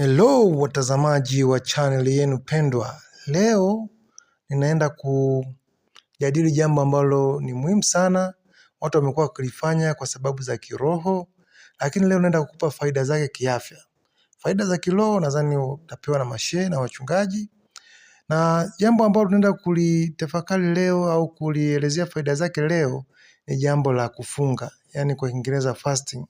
Hello watazamaji wa channel yenu pendwa, leo ninaenda kujadili jambo ambalo ni muhimu sana, watu wamekuwa wakilifanya kwa sababu za kiroho, lakini leo naenda kukupa faida zake kiafya. Faida za kiroho nadhani utapewa na mashehe na wachungaji, na jambo ambalo tunaenda kulitafakari leo au kulielezea faida zake leo ni jambo la kufunga, yani kwa Kiingereza fasting.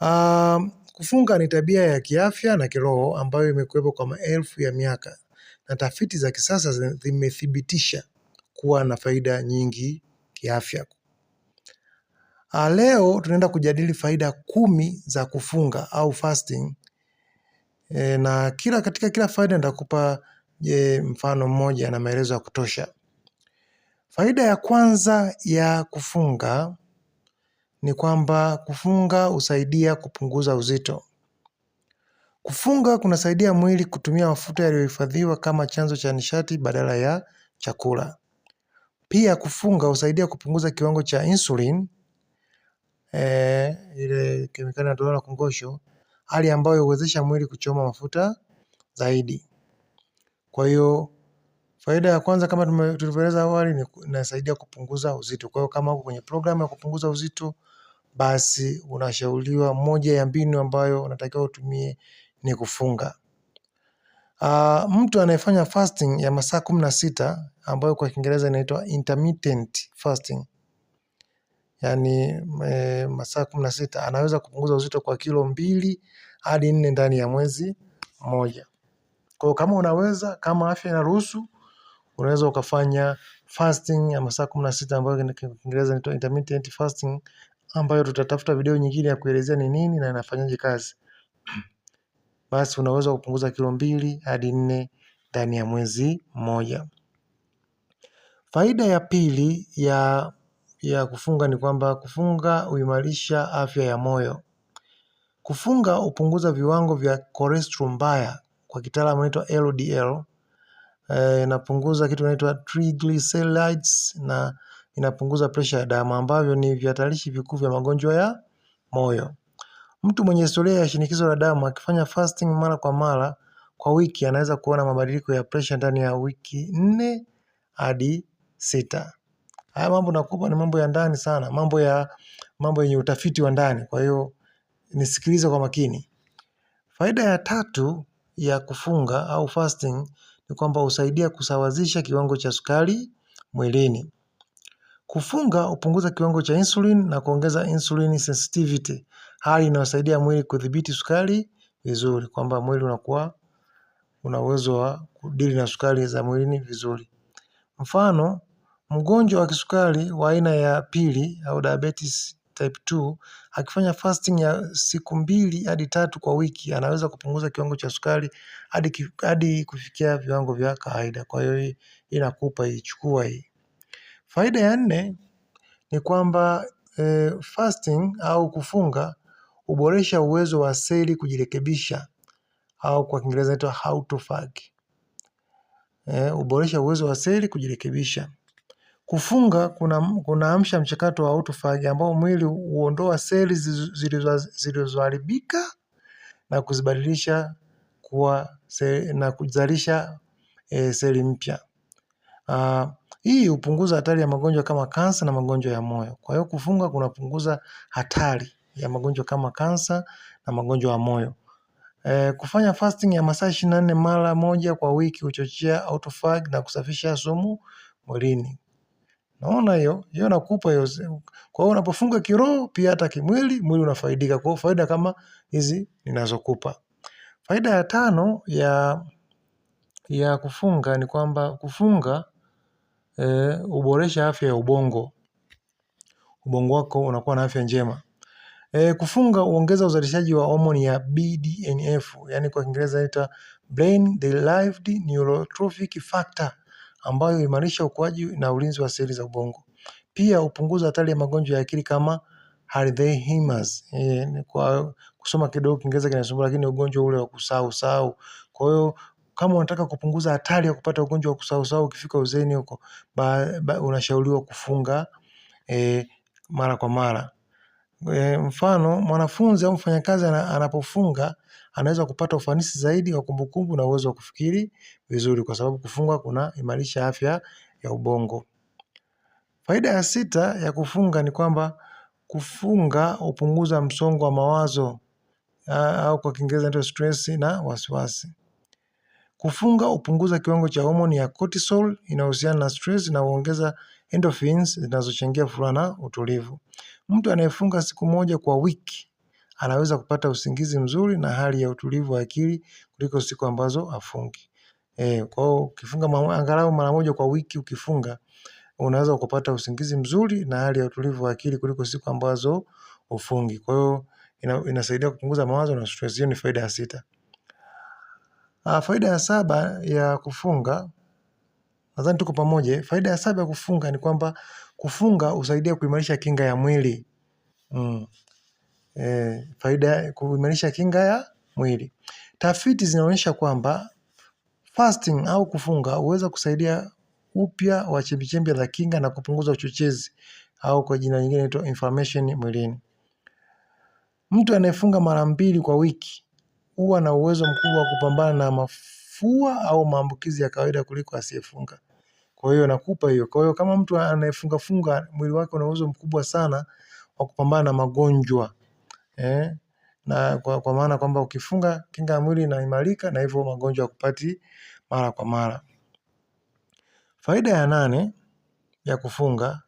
Um, Kufunga ni tabia ya kiafya na kiroho ambayo imekuwepo kwa maelfu ya miaka na tafiti za kisasa zimethibitisha kuwa na faida nyingi kiafya. Ah, leo tunaenda kujadili faida kumi za kufunga au fasting e, na kila katika kila faida nitakupa e, mfano mmoja na maelezo ya kutosha. Faida ya kwanza ya kufunga ni kwamba kufunga husaidia kupunguza uzito. Kufunga kunasaidia mwili kutumia mafuta yaliyohifadhiwa kama chanzo cha nishati badala ya chakula. Pia kufunga husaidia kupunguza kiwango cha insulin eh, ile kemikali inatolewa na kongosho, hali ambayo huwezesha mwili kuchoma mafuta zaidi. Kwa hiyo faida ya kwanza kama tulivyoeleza awali, inasaidia kupunguza uzito. Kwa hiyo kama uko kwenye programu ya kupunguza uzito, basi unashauriwa moja ya mbinu ambayo unatakiwa utumie ni kufunga. Uh, mtu anayefanya fasting ya masaa kumi na sita ambayo kwa Kiingereza inaitwa intermittent fasting, yani e, eh, masaa kumi na sita anaweza kupunguza uzito kwa kilo mbili hadi nne ndani ya mwezi mmoja. Kwa kama unaweza, kama afya inaruhusu, unaweza ukafanya fasting ya masaa kumi na sita ambayo kwa Kiingereza inaitwa intermittent fasting ambayo tutatafuta video nyingine ya kuelezea ni nini na inafanyaje kazi. Basi unaweza kupunguza kilo mbili hadi nne ndani ya mwezi mmoja. Faida ya pili ya, ya kufunga ni kwamba kufunga huimarisha afya ya moyo. Kufunga hupunguza viwango vya cholesterol mbaya, kwa kitaalamu inaitwa LDL, inapunguza eh, e, kitu inaitwa triglycerides na inapunguza presha ya damu ambavyo ni vihatarishi vikuu vya magonjwa ya moyo. Mtu mwenye historia ya shinikizo la damu akifanya fasting mara kwa mara kwa wiki anaweza kuona mabadiliko ya presha ndani ya wiki nne hadi sita. Haya mambo nakupa ni mambo ya ndani sana, mambo ya mambo yenye utafiti wa ndani. Kwa hiyo nisikilize kwa makini. Faida ya tatu ya kufunga au fasting ni kwamba husaidia kusawazisha kiwango cha sukari mwilini. Kufunga hupunguza kiwango cha insulin na kuongeza insulin sensitivity, hali inayosaidia mwili kudhibiti sukari vizuri, kwamba mwili unakuwa una uwezo wa kudili na sukari za mwilini vizuri. Mfano, mgonjwa wa kisukari wa aina ya pili au diabetes type 2 akifanya fasting ya siku mbili hadi tatu kwa wiki anaweza kupunguza kiwango cha sukari hadi kufikia viwango vya kawaida. Kwa hiyo hii inakupa hii, chukua hii. Faida ya nne ni kwamba eh, fasting au kufunga huboresha uwezo wa seli kujirekebisha au kwa Kiingereza inaitwa autophagy. Eh, huboresha uwezo wa seli kujirekebisha. Kufunga kunaamsha mchakato wa autophagy ambao mwili huondoa seli zilizoharibika na kuzibadilisha kuwa na kuzalisha eh, seli mpya. Ah, hii hupunguza hatari ya magonjwa kama kansa na magonjwa ya moyo. Kwa hiyo kufunga kunapunguza hatari ya magonjwa kama kansa na magonjwa ya moyo. E, kufanya fasting ya masaa 24 mara moja kwa wiki huchochea autophagy na kusafisha sumu mwilini. Naona hiyo hiyo nakupa hiyo. Kwa hiyo unapofunga kiroho pia hata kimwili mwili unafaidika. Kwa hiyo faida kama hizi ninazokupa. Faida ya tano ya ya kufunga ni kwamba kufunga huboresha eh, afya ya ubongo, ubongo wako unakuwa na afya njema. E, kufunga huongeza uzalishaji wa homoni ya BDNF, yani kwa Kiingereza inaitwa brain derived neurotrophic factor ambayo huimarisha ukuaji na ulinzi wa seli za ubongo. Pia hupunguza hatari ya magonjwa ya akili kama Alzheimer's. E, kwa kusoma kidogo Kiingereza kinasumbua, lakini ugonjwa ule wa kusahau sahau. Kwa hiyo kama unataka kupunguza hatari ya kupata ugonjwa wa kusahausahau ukifika uzeni huko, unashauriwa kufunga e, mara kwa mara. E, mfano mwanafunzi au mfanyakazi anapofunga anaweza kupata ufanisi zaidi wa kumbukumbu na uwezo wa kufikiri vizuri, kwa sababu kufunga kunaimarisha afya ya ubongo. Faida ya sita ya kufunga ni kwamba kufunga hupunguza msongo wa mawazo au kwa Kiingereza ndio stress na wasiwasi. Kufunga hupunguza kiwango cha homoni ya cortisol inayohusiana na stress na huongeza endorphins zinazochangia furaha na utulivu. Mtu anayefunga siku moja kwa wiki anaweza kupata usingizi mzuri na hali ya utulivu wa akili kuliko siku ambazo afungi. E, Kwa hiyo ukifunga angalau mara moja kwa wiki ukifunga unaweza kupata usingizi mzuri na hali ya utulivu wa akili kuliko siku ambazo ufungi. Kwa hiyo ina, inasaidia kupunguza mawazo na stress hiyo ni faida ya sita. Ah, faida ya saba ya kufunga, nadhani tuko pamoja. Faida ya saba ya kufunga ni kwamba kufunga husaidia kuimarisha kinga ya mwili mm. E, faida kuimarisha kinga ya mwili. Tafiti zinaonyesha kwamba fasting au kufunga huweza kusaidia upya wa chembechembe za kinga na kupunguza uchochezi au kwa jina lingine inaitwa inflammation mwilini. Mtu anayefunga mara mbili kwa wiki huwa na uwezo mkubwa wa kupambana na mafua au maambukizi ya kawaida kuliko asiyefunga. Kwa hiyo nakupa hiyo. Kwa hiyo kama mtu anayefunga funga, mwili wake una uwezo mkubwa sana wa kupambana na magonjwa eh? Na kwa, kwa maana kwamba ukifunga kinga ya mwili inaimarika na hivyo magonjwa yakupati mara kwa mara. Faida ya nane ya kufunga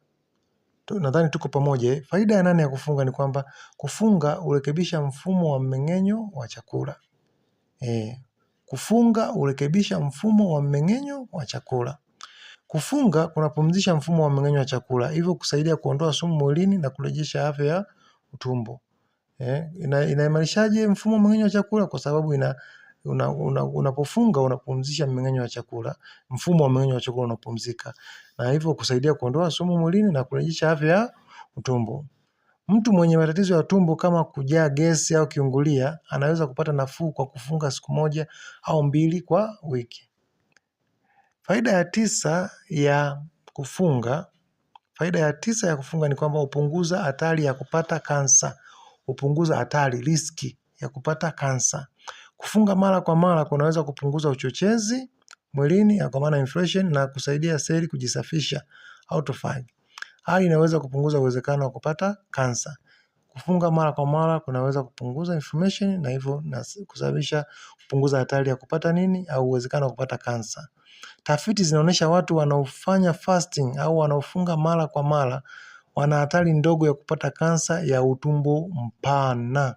nadhani tuko pamoja. Faida ya nane ya kufunga ni kwamba kufunga urekebisha mfumo wa mmeng'enyo wa chakula e. Kufunga urekebisha mfumo wa mmeng'enyo wa chakula. Kufunga kunapumzisha mfumo wa mmeng'enyo wa chakula, hivyo kusaidia kuondoa sumu mwilini na kurejesha afya ya utumbo. Eh, inaimarishaje mfumo wa mmeng'enyo wa chakula? Kwa sababu ina unapofunga una, una unapumzisha mmeng'enyo wa chakula, mfumo wa mmeng'enyo wa chakula unapumzika, na hivyo kusaidia kuondoa sumu mwilini na kurejesha afya ya utumbo. Mtu mwenye matatizo ya tumbo kama kujaa gesi au kiungulia anaweza kupata nafuu kwa kufunga siku moja au mbili kwa wiki. Faida ya tisa ya kufunga, faida ya tisa ya kufunga ni kwamba hupunguza hatari ya kupata kansa, hupunguza hatari riski ya kupata kansa. Kufunga mara kwa mara kunaweza kupunguza uchochezi mwilini kwa maana inflation na kusaidia seli kujisafisha autophagy. Hali inaweza kupunguza uwezekano wa kupata kansa. Kufunga mara kwa mara kunaweza kupunguza inflammation na hivyo na kusababisha kupunguza hatari ya kupata nini au uwezekano wa kupata kansa. Tafiti zinaonyesha watu wanaofanya fasting au wanaofunga mara kwa mara wana hatari ndogo ya kupata kansa ya utumbo mpana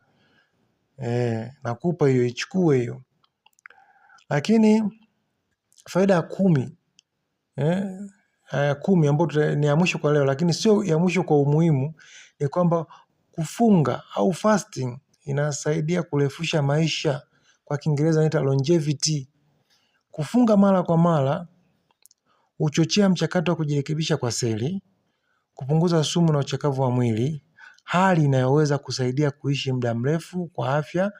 e, nakupa hiyo, ichukue hiyo. Lakini faida ya kumi eh, ya kumi ambayo ni ya mwisho kwa leo, lakini sio ya mwisho kwa umuhimu, ni kwamba kufunga au fasting inasaidia kurefusha maisha, kwa Kiingereza inaita longevity. Kufunga mara kwa mara huchochea mchakato wa kujirekebisha kwa seli, kupunguza sumu na uchakavu wa mwili, hali inayoweza kusaidia kuishi muda mrefu kwa afya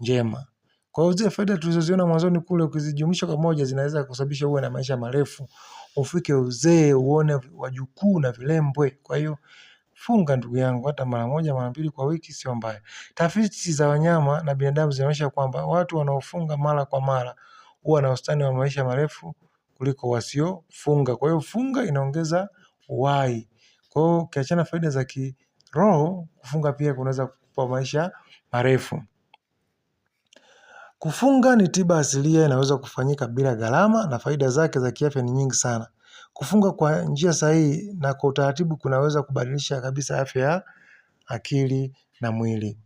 njema. Kwa hiyo zile faida tulizoziona mwanzoni kule ukizijumlisha pamoja zinaweza kusababisha uwe na maisha marefu, ufike uzee, uone wajukuu na vilembwe. Kwa hiyo funga ndugu yangu, hata mara moja mara mbili kwa wiki sio mbaya. Tafiti za wanyama na binadamu zinaonyesha kwamba watu wanaofunga mara kwa mara huwa na ustani wa maisha marefu kuliko wasiofunga. Kwa hiyo funga inaongeza uhai. Kwa hiyo ukiachana faida za ki roho, kufunga pia kunaweza kupa maisha marefu. Kufunga ni tiba asilia inaweza kufanyika bila gharama na faida zake za kiafya ni nyingi sana. Kufunga kwa njia sahihi na kwa utaratibu kunaweza kubadilisha kabisa afya ya akili na mwili.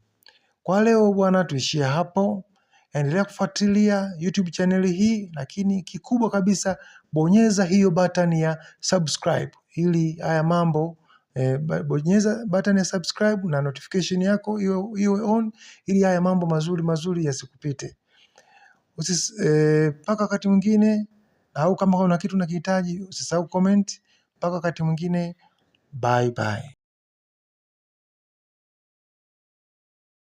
Kwa leo bwana, tuishie hapo. Endelea kufuatilia YouTube chaneli hii, lakini kikubwa kabisa, bonyeza hiyo batani ya subscribe ili haya mambo Eh, bonyeza button ya subscribe na notification yako iwe on, ili haya mambo mazuri mazuri yasikupite. Usis, e, paka wakati mwingine, au kama una kitu unakihitaji usisahau comment. Mpaka wakati mwingine, bye bye.